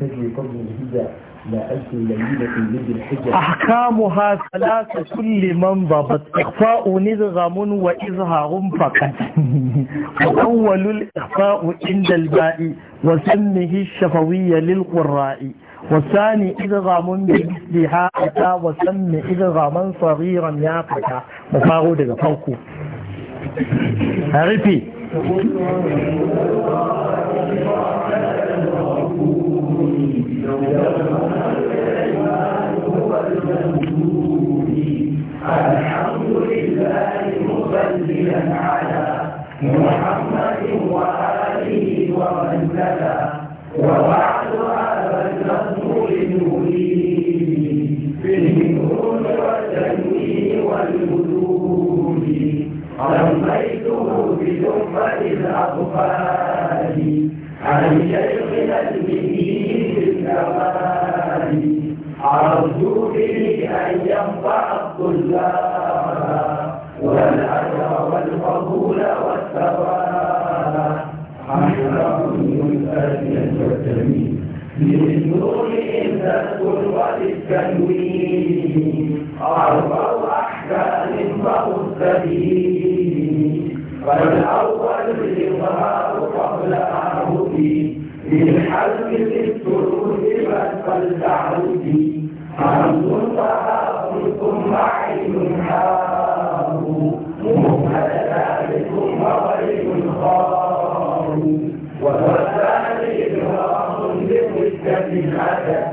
تجري قبل لا ألف ليلة لذي الحجة أحكامها ثلاثة كل من ضبط إخفاء نظام وإظهار فقط اول الإخفاء عند الباء وسمه الشفوية للقراء والثاني إدغام بمثلها أتى وسم إدغاما صغيرا يا فتى مفاغو دغ فوقو عرفي الحمد لله مصليا على محمد وآله ومن تلا وبعد هذا النصر المبين فيه الهدى والتنوين والوجود رميته بلقمة الأطفال عن شيخنا في الكمال عرضوا به أن ينفع الطلاب والأجر والفضول والثواب حشرهم الأجل والجميل للنور إنزة وللتنوين أرضوا أحكام فهو السبيل فالأول الإظهار قبل عهد للحلف في السرور فلتعهد حمد تهاب ثم عين حاب مهمل ثم غير خار وثاني إبراهيم لوجدة الحدث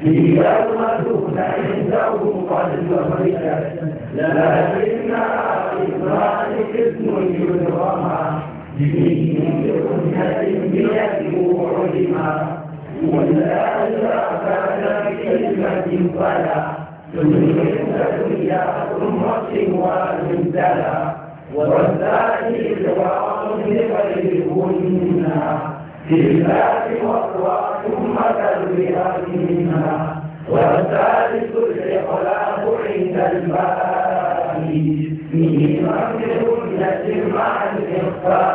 في يوم دون عنده قد وردت لكنها ذلك اسم يدرما بدين بأمهة بيده علما ولا أدرك بكلمة فلا تدرك الدنيا ثم سوى زلزلا والذائر الغرام لغيرهن في الباب والرأى ثم تلبيها منها والثالث الإقلاب عند الباب في مكتبة مع الإخفاء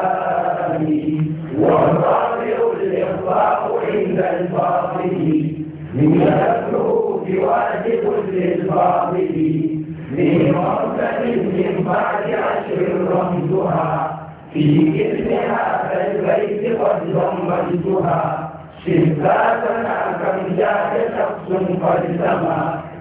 والرابع الإخفاء عند الباطل من واجب للباطل من مرتب من بعد عشر رمزها في كلمها فالبيت قد ضمنتها شفاة كم جاء شخص قد سما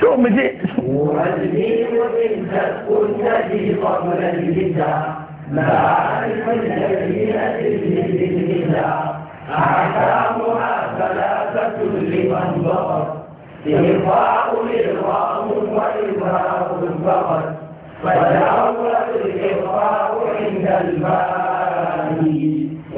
ثم جئت أعتامها ثلاثة لمن ضغط إرضاء إرغام وإظهار فقط فالأول الإرضاء عند الماء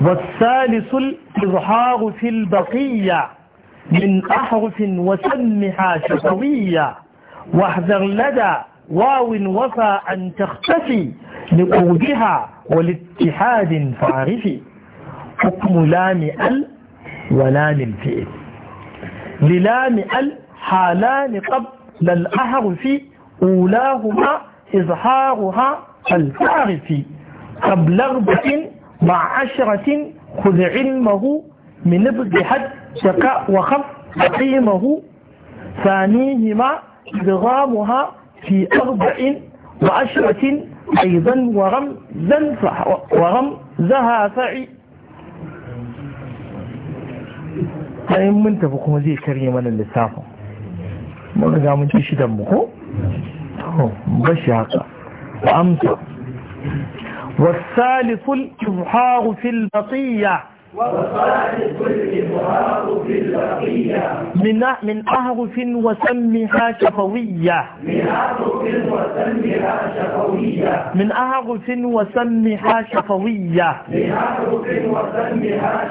والثالث الإظهار في البقية من أحرف وسمها شفوية واحذر لدى واو وفى أن تختفي لقودها ولاتحاد فعرفي حكم لام ال ولام الفئل للام ال حالان قبل الأحرف أولاهما إظهارها الفارس قبل أربع مع عشرة خذ علمه من نبض حد شكاء وخف قيمه ثانيهما إضغامها في أربع وعشرة أيضا ورمزا ورمزها فعي طيب، كريم من تفقه مزيد كريما للسافة ماذا من تشدمه بشاقة وأمسك والثالث الإظهار في البقية من من أعرف وسمها شفوية من أعرف وسمها شفوية من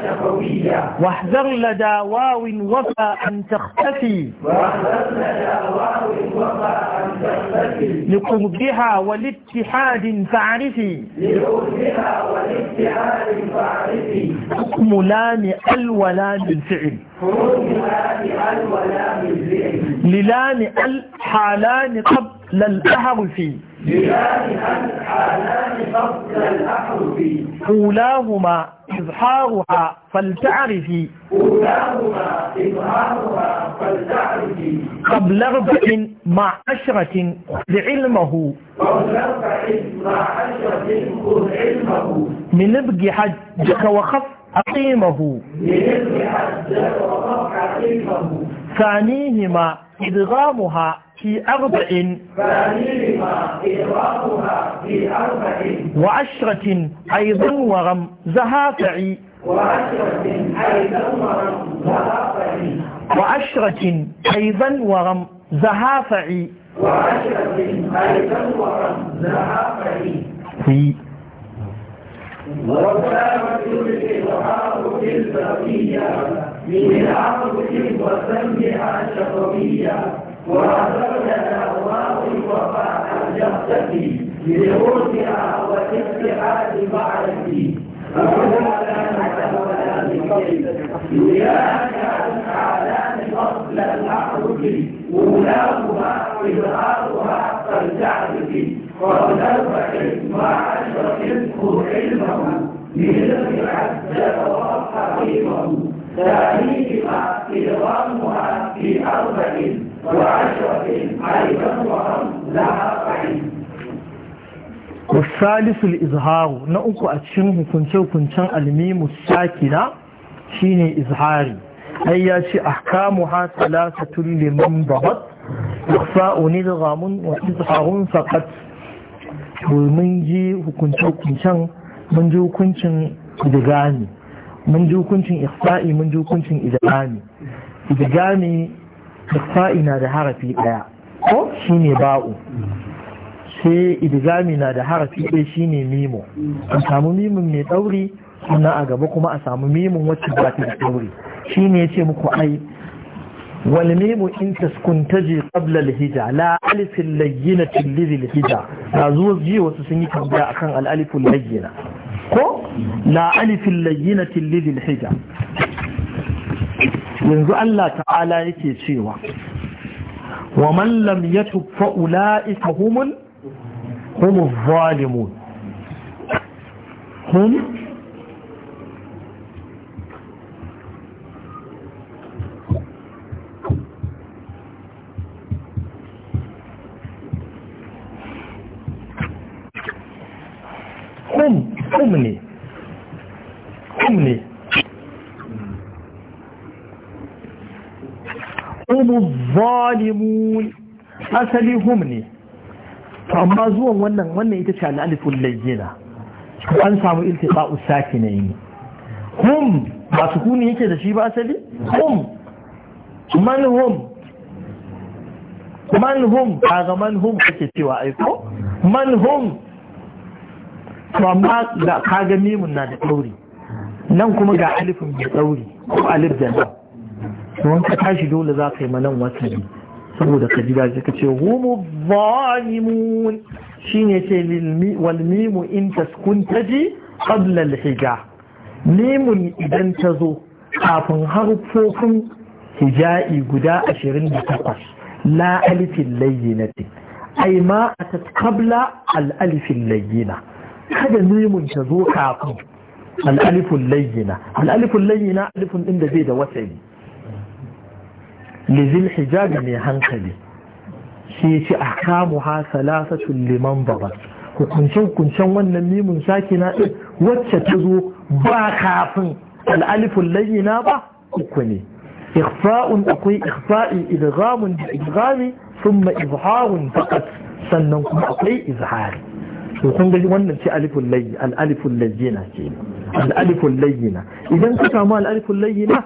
شفوية واحذر لدى واو وفى أن تختفي لقربها ولاتحاد فاعرفي لقربها فاعرفي حكم لام الولا من فعل للام الحالان قبل الاحر فيه أولاهما إظهارها فلتعرفي أولاهما إظهارها فلتعرفي قبل ربع مع عشرة لعلمه قبل مع علمه من ابق حجك وخف أقيمه ثانيهما إدغامها في أربع ثانيهما إدغامها في أربع وعشرة أيضا ورم زهافعي وعشرة أيضا ورم زهافعي وعشرة أيضا ورم زهافعي وعشرة أيضا ورم زهافعي في وكانت الإظهار في البقية من عرض وسمع شرقية وعذبنا أهواء وفاء جهتك لرجع واتبعاد معرفتي وياك الأعلام أصل الأحرف أولاهما وإظهارها فلتعرفي ونفعل معرفته علمه لنفع الدواء حقيقه تاريخها إرغامها في أربع وعشرة أيضا وهم لها فعيل والثالث الإظهار نأكو أتشنه كنشو كنشان الميم الساكنة شيني إظهاري أي أحكامها ثلاثة لمن ضبط إخفاء نلغام وإظهار فقط mun ji hukunce-hukuncen mun ji hukuncin idigami mun ji hukuncin ihsa'i mun ji hukuncin idigami idigami ihsa'i na da harafi daya ko shi ne ba'u sai idigami na da harafi ɗaya shi ne mimo a samu mimin mai ɗauri sannan a gaba kuma a samu mimin wacce ba ta da ɗauri shine ya ce muku ai والميم إن تسكن تجي قبل الهجع لا ألف اللينة الذي الهجع نازوز جي وسسني تبدا أخان الألف اللينة كو لا ألف اللينة الذي الهجع ينزو الله تعالى يكي تشيوا ومن لم يتب فأولئك هم هم الظالمون هم hum ne hum ne zalimun asali hum ne amma zuwan wannan wannan ita ce al'alifun layyina an samu iltiqa usaki ne ne hum ba su kuni yake da shi ba asali hum man hum man hum ga man hum kake cewa aiko man hum to amma ga kaga mimun na da tsauri nan kuma ga alifin da tsauri ko alif da nan don ka tashi dole za ka yi manan wasali saboda ka ji daji ka ce humu zalimun shine ce wal in taskun taji qabla al hija mimun idan ta zo kafin harfofin hija'i guda 28 la alifin layyinati ai ma ta kabla al alifin layyina kada mimun ta zo kafin al'alifun layyina al'alifun layyina alifun ɗin da zai da wasali lizil hijabi mai hankali shi ce a kamu ha salasatun liman baba hukuncen-hukuncen wannan mimun na ɗin wacce ta zo ba kafin al'alifun layyina ba uku ne ikfa'un akwai ikfa'i idgamun da idgami sun ma izharun fakat sannan kuma akwai izhari to kun ga wannan ce alifun layyi al layyina ce al layyina idan ka samu al-alifun layyina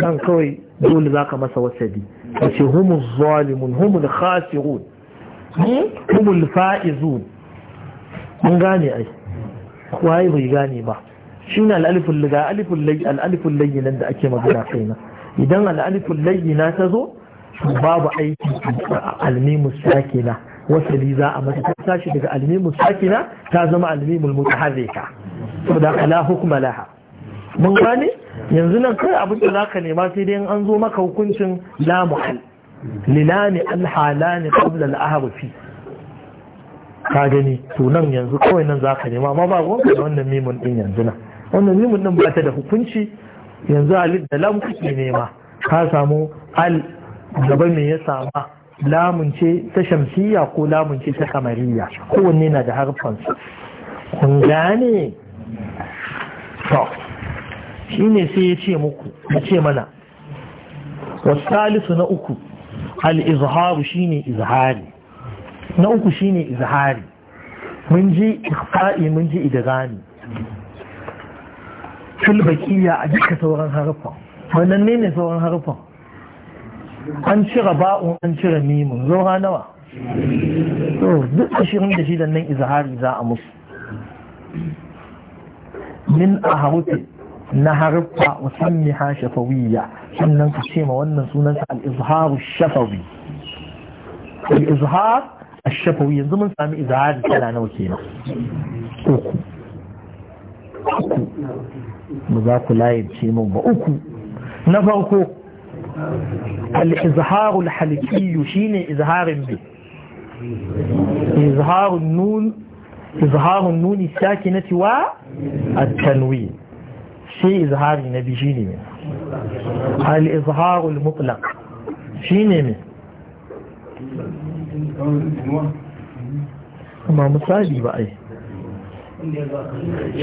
dan kawai dole zaka masa wasabi kace humuz zalimun humul khasirun hmm? humul faizun mun gane ai waye bai gane ba shine al-alifun layyi al da ake magana kaina idan al-alifun layyina ta zo babu aiki al-mimus wasali za a mata ta tashi daga almimul sakina ta zama alimimul mutaharrika saboda ala hukuma laha mun gani yanzu nan kai abin da zaka nema sai dai an zo maka hukuncin la muhal lilani alhalani qabla al fi. ka gani to nan yanzu kawai nan zaka nema amma ba gonka da wannan mimun din yanzu nan wannan mimun din ba ta da hukunci yanzu alif da lam kuke nema ka samu al gaba me ya sama lamun ce ta shamsiyya ko lamun ce ta kamariya kowanne na da su kun gane to shi ne sai ya ce muku ya ce mana wasu na uku al’izharu shi ne izhari na uku shi ne izhari mun ji ikhfa'i mun ji idgami fil baqiya a duka sauran harfa wannan ne ne sauran harfan an cire ba'un an cire mimun zaura nawa to duk ashirin da shidan nan izahari za a musu min a harufi na harfa musammi ha shafawiyya sannan ka ce ma wannan sunansa al-izharu shafawi al-izhar al-shafawi yanzu mun sami izhari tana nawa kenan uku uku ba za ku layar ce min ba uku na farko الإظهار الحلكي شين إظهار به إظهار النون إظهار النون الساكنة والتنوين شيء إظهار النبي شين منه الإظهار المطلق شين منه ما misali بقى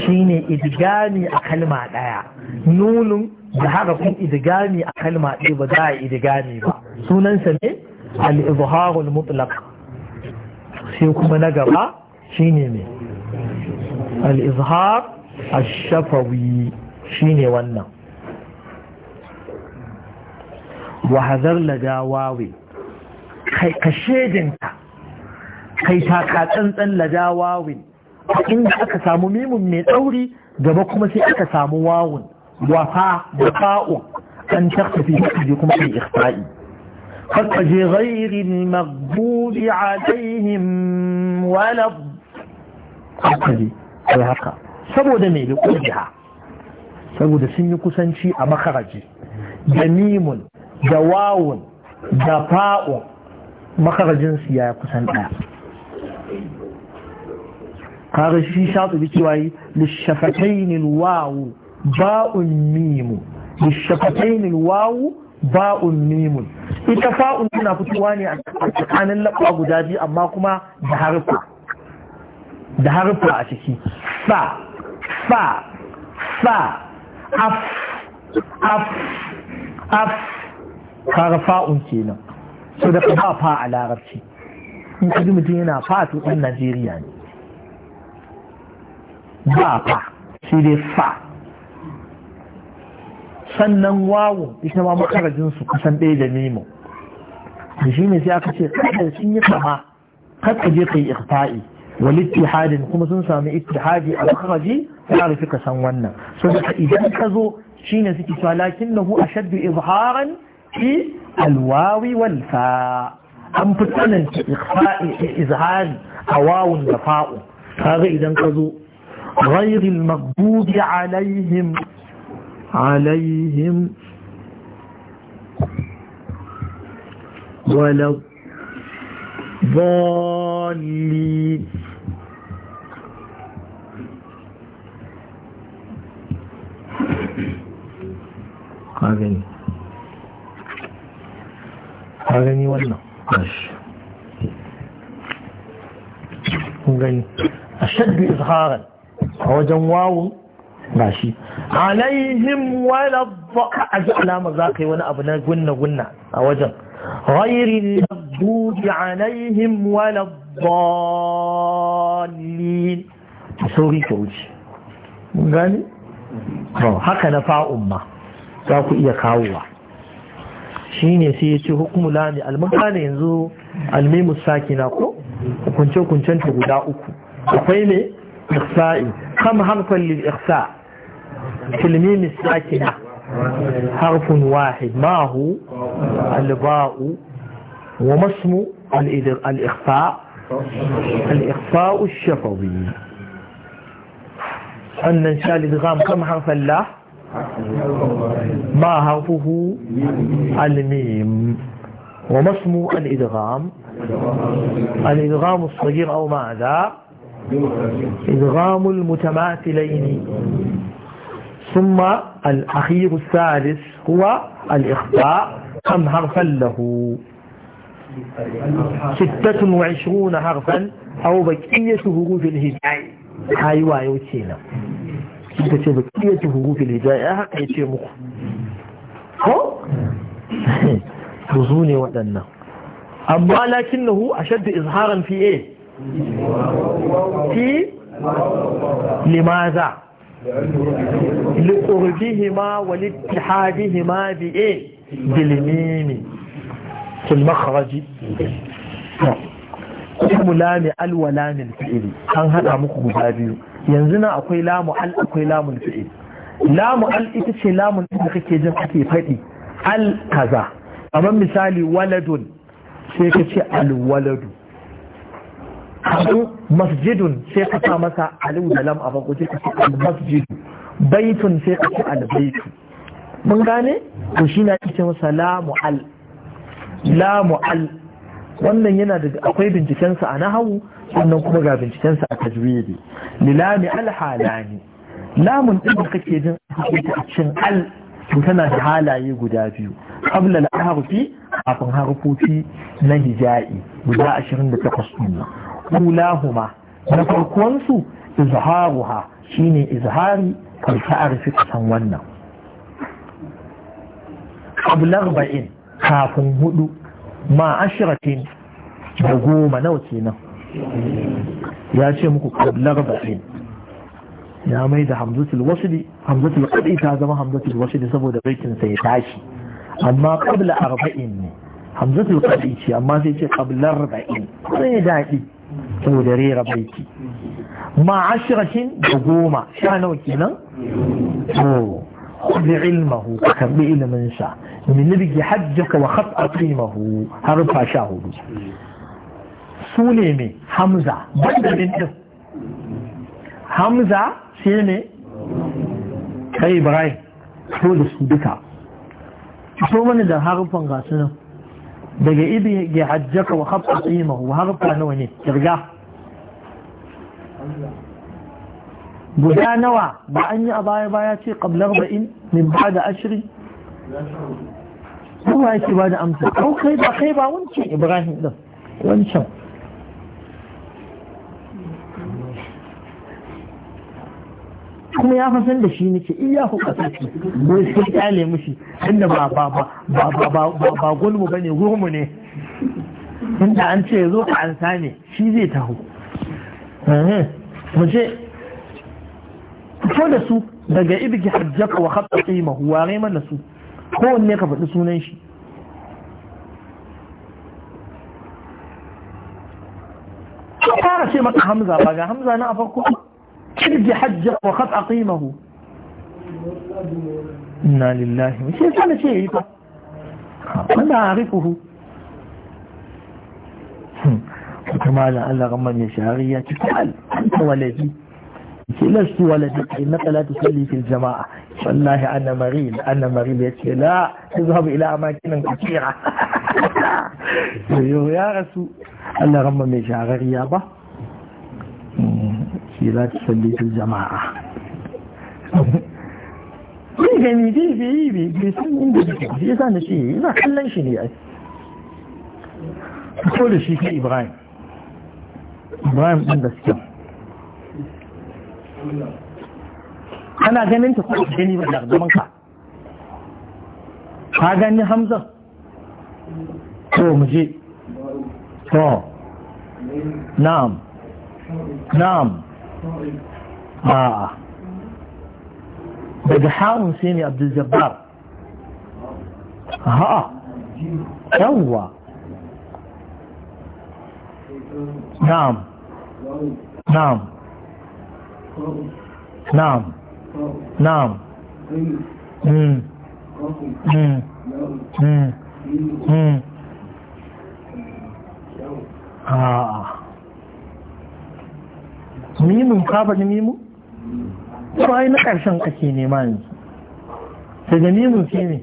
شيني shine idgami a kalma da kun idigami a kalma ɗaya ba za a idigami ba sunansa ne al-izharul mutlaq sai kuma na gaba shine me al-izhar ash-shafawi shine wannan wa hazar kai ka shedinka kai ta ka tsantsan ladawawi inda aka samu mimun mai tsauri gaba kuma sai aka samu wawun وفاء وفاء أن تختفي حقكم في إخفائي فاتج غير المغضوب عليهم ولا فاتج ويحقا سبو دميل قلبها سبو دسن يكسنشي أما خرجي جميم جواو جفاء مخرجين سيايا كسن آه قال الشيشاط بكواي للشفتين الواو ba'un mimu bishafatain alwawu ba'un mimu ita fa'un tana fitowa ne a tsakanin laɓa guda biyu amma kuma da harfa da harfa a ciki fa fa fa af af af fara fa'un kenan so da ba fa a larabci in kaji mutum yana fa a ɗan Najeriya ne ba fa shi dai fa sannan wawo ita ma makarajin su kusan ɗaya da nemo da shi ne sai aka ce kada sun yi kama kada je kai irfa'i wal ittihadin kuma sun sami ittihadi a makaraji ya rufi ka san wannan so da idan ka zo shine suke cewa a shaddu izharan fi alwawi wal fa an fi tsananta ikhfa'i izhari a wawun da fa'u kaga idan ka zo غير المغضوب عليهم عليهم ولا الضالين هاغني هاغني ولا ماشي هاغني أشد إظهارا هو جواو gashi alaihim wala dhaka alama za yi wani abu na gunna gunna a wajen ghairi maghdubi alaihim wala dhallin sauri ka wuce mun gane haka na fa'un ma za ku iya kawowa shine sai yace ce hukumu lami almakana yanzu almimu sakina ko hukunce-hukuncen ta guda uku akwai ne iksa'i kam harfan lil الميم الساكنة حرف واحد ما هو الباء وما اسم الإخفاء الإخفاء الشفوي أن إنشاء الإدغام كم حرف الله ما حرفه الميم وما اسم الإدغام الإدغام الصغير أو ماذا إدغام المتماثلين ثم الأخير الثالث هو الإخفاء كم حرفا له ستة وعشرون حرفا أو بقية حروف الهجاء هاي وايو تينا أيوة، ستة بقية حروف الهجاء هاي يتي مخ هو بزوني ودنا أما لكنه أشد إظهارا في إيه في لماذا لقربهما ولاتحادهما بإيه بالميم في المخرج اسم لام الولام الفئل أن هذا مكو جابيو ينزنا أقوي لام أل أقوي لام الفئل لام أل إتشي لام إتشي كيجن حكي فئي أل كذا أما مثالي ولد سيكتشي الولد abu masjidun sai ka sa masa alu da lam a bako sai ka ce baitun sai ka ce albaitu. mun gane to shi na ita masa la mu'al la mu'al wannan yana da akwai bincikensa a nahawu sannan kuma ga bincikensa a tajwidi lilami al halani lamun din da kake jin a cikin al to tana da halaye guda biyu qabla al harfi kafin harfofi na hija'i guda 28 din kulahuma na farkonsu izharuha shine izhari kai ka arfi ka san wannan qabl 40 kafin huɗu, ma ashratin da goma nawa kenan ya ce muku qabl 40 ya mai da hamzatul wasli hamzatul ta zama hamzatul wasli saboda baitin sai ya tashi amma ƙabla arba'in ne hamzatul qadi ce amma sai ce ƙablar ba'in, sai daɗi. sau da rera baiti ma ashirashin da goma sha nawa kenan to kuɗi ilmahu ka sa iliminsa min ilgi hajjaka wa khat a tsimahu har sha hudu su ne me hamza banda min din hamza sai ne kai ibrahim ko da su duka ki so mana da harufan gasu nan daga ibi ya hajjaka wa haɓa tsimahu harfa nawa ne kirga guda nawa ba an yi a baya baya ce ƙablar ba'in min ba da ashiri kuma yake ba da amsa kai ba kai ba wancan ibrahim ɗin wancan kuma ya fa san da shi nake iya ku kasance mun sai kyale mushi inda ba ba ba ba ba ba ba gulmu ne inda an ce zo ka ansa ne shi zai taho eh, mu ce ko da su daga ibiki hajjaka wa khatta qimahu wa rai mana su kowanne ka faɗi sunan shi fara ce maka hamza ba ga hamza na a farko كيف حجك وقد أقيمه إنا لله شيء هذا شيء أنا أعرفه كما لأن شعري يا تفعل أنت ولدي لست ولدي إنك لا تصلي في الجماعة والله أنا مريض أنا مريض يتشي لا تذهب إلى أماكن كثيرة يا رسول الله غمان يشاري يابا ce za ta sallatul jama'a bai gani bai yi bai bai san inda suke shi yasa na ce ina kallon shi ne ai ko da shi kai ibrahim ibrahim ɗin gaskiya kana ganin ta kuma gani ba da zaman ka ka gani hamza to mu je to na'am na'am آه بجحار سيني عبد الجبار ها يوا نعم نعم نعم نعم ها آه. Mimun kaba faɗi mimu ba ai na ƙarshen ake nema yanzu sai da mimin sai ne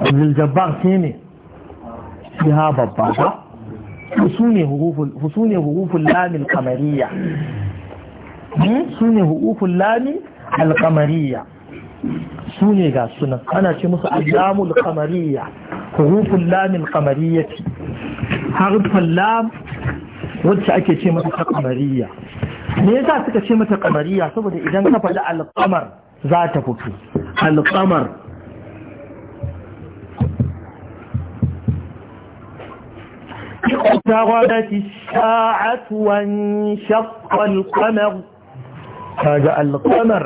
abdul-jabbar sai ne shi ha babba ba su ne hukufun lamin kamariya su ne hukufun lamin alkamariya su ne ga sunan ana ce musu alamul kamariya hukufun lamin kamariyati harfin lam wacce ake ce mata ta kamariya me yasa suka ce mata kamariya saboda idan ka faɗi alƙamar za ta fito alƙamar تغابت الساعة وانشق القمر هذا alƙamar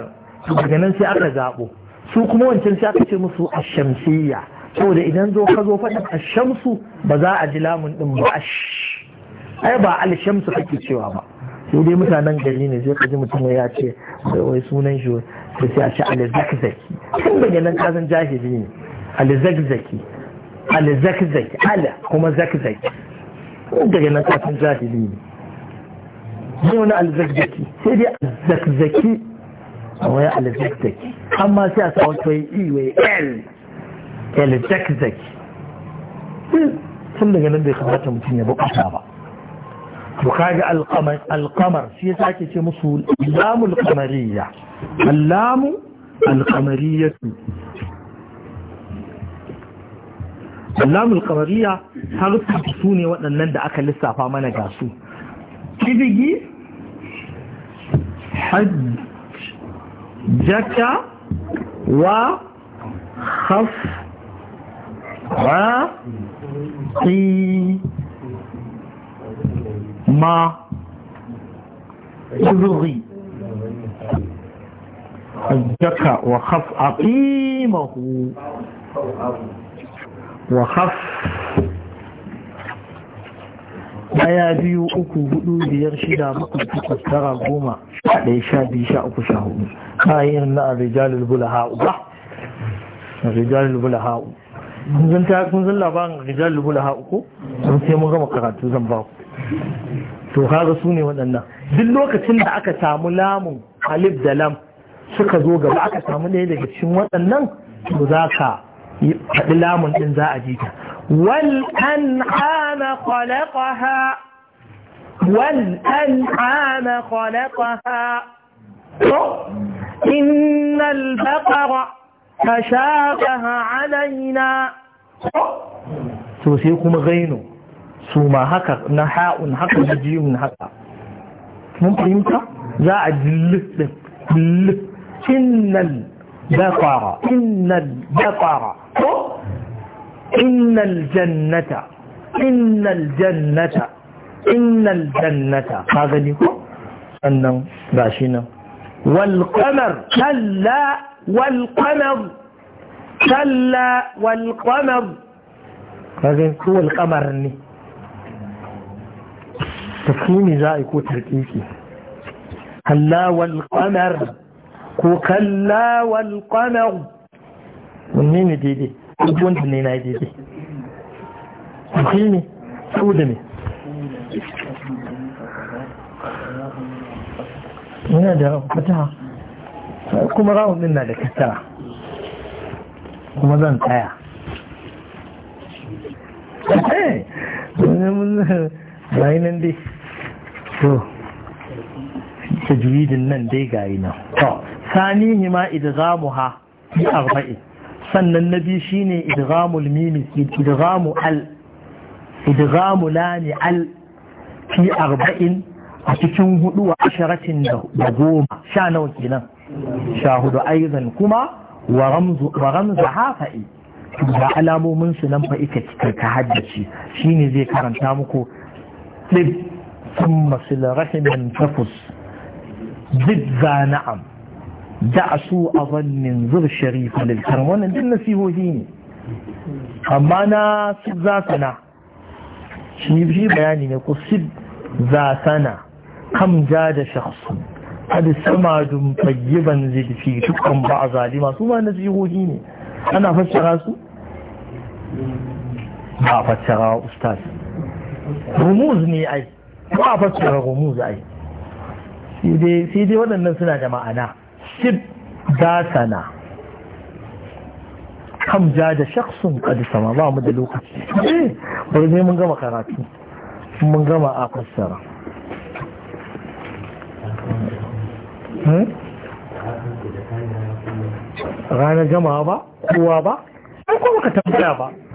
daga nan sai aka zaɓo su kuma wancan sai aka ce musu a ashamsiyya saboda idan zo ka zo faɗin shamsu ba za a ji lamun ɗin ba ash ai ba alshamsu kake cewa ba sai dai mutanen gari ne sai kaji mutum ya ce wai sunan shi da sai a ce alzakzaki tun daga nan kasan jahili ne alzakzaki alzakzaki ala kuma zakzaki tun daga nan kasan jahili ne ne wani alzakzaki sai dai alzakzaki a wani alzakzaki amma sai a sa wato i e, wai l alzakzaki tun daga nan bai kamata mutum ya bukata ba to kaga alqamar alqamar shi yasa ake ce musu lamul qamariyya allamu alqamariyyatu allamul qamariyya harfin su ne waɗannan da aka lissafa mana ga su kidigi hajj jaka wa khaf wa qi ما يبغي الذكاء وخف عقيمه وخف daya biyu uku hudu biyar shida bakwai takwas tara goma sha sha biyu sha uku sha hudu kayan na rijalul bula ha'u ba rijalul bula ha'u zan labarin rijalul bula ha'u ko sai mun gama karatu zan ba ku to kaga su ne waɗannan duk lokacin da aka samu lamun alif da lam suka zo gaba aka samu ɗaya daga cikin waɗannan to za ka faɗi lamun ɗin za a ji ta wal an'ama khalaqaha wal an'ama khalaqaha إن البقرة تشابه علينا to غينو سوما هكا نحاء هكا نجيم هكا مو فهمت؟ جاء جلل إن البقرة إن البقرة إن الجنة إن الجنة إن الجنة هذا ليكو أنه باشينا والقمر كلا والقمر كلا والقمر هذا هو القمر tafhimi za a yi ko tarkiki kallawal wal ko ne daidai abubuwan wanda ne na yi daidai su da me yana da fataha kuma rawun din na da kasara kuma zan tsaya dai to tajwidin nan dai gayi nan to hima idgamu ha bi arba'in sannan na biyu shine idghamul mim idghamu al idghamu lani al fi arba'in a cikin hudu wa asharatin da goma sha nawa kenan sha hudu aizan kuma wa ramzu hafa'i da alamomin su nan fa ita ta haddace shine zai karanta muku ثم صل رحم تفس ضد ذا نعم دعسوا أظن ذو الشريف للكرم وانا دلنا في هوهين أما أنا صد ذاتنا شنيب شي بياني نقول صد ذاتنا كم جاد شخص قد سمع دم طيبا زد في شكرا بعض ما ثم أنا في هوهين أنا فشغا سو ما فشغا أستاذ رموزني أي ba a fassara rumuz ai sai dai sai dai waɗannan suna da ma'ana sib dasana kam ja da shakhsun qad sama ba mu da lokaci bari sai mun gama karatu mun gama a fassara ranar jama'a ba kowa ba an kuma ka tambaya ba